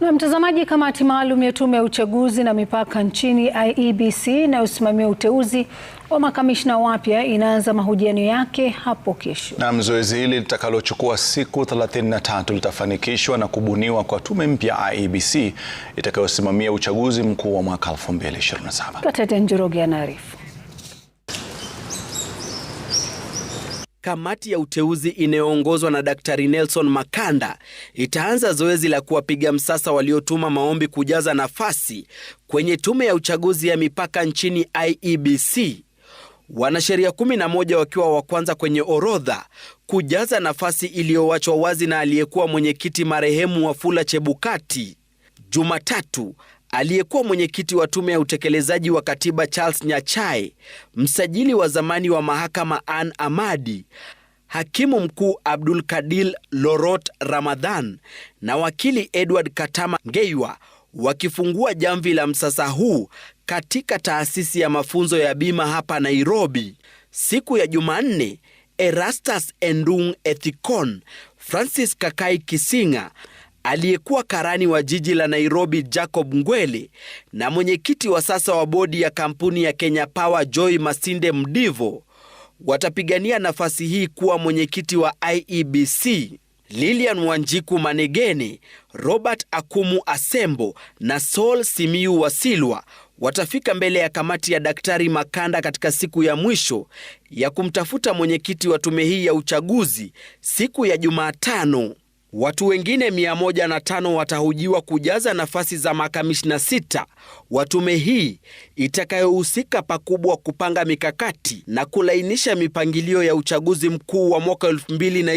Na mtazamaji, kamati maalum ya Tume ya Uchaguzi na Mipaka nchini IEBC inayosimamia uteuzi wa makamishna wapya inaanza mahojiano yake hapo kesho. Na zoezi hili litakalochukua siku 33 litafanikishwa na kubuniwa kwa tume mpya IEBC itakayosimamia uchaguzi mkuu wa mwaka 2027. Gatete Njoroge anaarifu. Kamati ya uteuzi inayoongozwa na Daktari Nelson Makanda itaanza zoezi la kuwapiga msasa waliotuma maombi kujaza nafasi kwenye tume ya uchaguzi ya mipaka nchini IEBC. Wanasheria 11 wakiwa wa kwanza kwenye orodha kujaza nafasi iliyowachwa wazi na aliyekuwa mwenyekiti marehemu Wafula Chebukati. Jumatatu Aliyekuwa mwenyekiti wa tume ya utekelezaji wa katiba Charles Nyachai, msajili wa zamani wa mahakama ann Amadi, hakimu mkuu Abdul Kadil Lorot Ramadhan na wakili Edward Katama Ngeiwa wakifungua jamvi la msasa huu katika taasisi ya mafunzo ya bima hapa Nairobi siku ya Jumanne. Erastus Endung Ethicon, Francis Kakai Kisinga aliyekuwa karani wa jiji la Nairobi Jacob Ngweli na mwenyekiti wa sasa wa bodi ya kampuni ya Kenya Power Joy Masinde Mdivo watapigania nafasi hii kuwa mwenyekiti wa IEBC. Lilian Wanjiku Manegeni, Robert Akumu Asembo na Saul Simiu Wasilwa watafika mbele ya kamati ya Daktari Makanda katika siku ya mwisho ya kumtafuta mwenyekiti wa tume hii ya uchaguzi siku ya Jumatano. Watu wengine 105 watahojiwa kujaza nafasi za makamishna sita wa tume hii itakayohusika pakubwa kupanga mikakati na kulainisha mipangilio ya uchaguzi mkuu wa mwaka 2020.